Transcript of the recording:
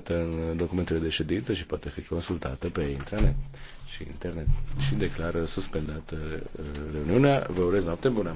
publicată în documentele de ședință și poate fi consultată pe intranet și internet și declară suspendată uh, reuniunea. Vă urez noapte bună!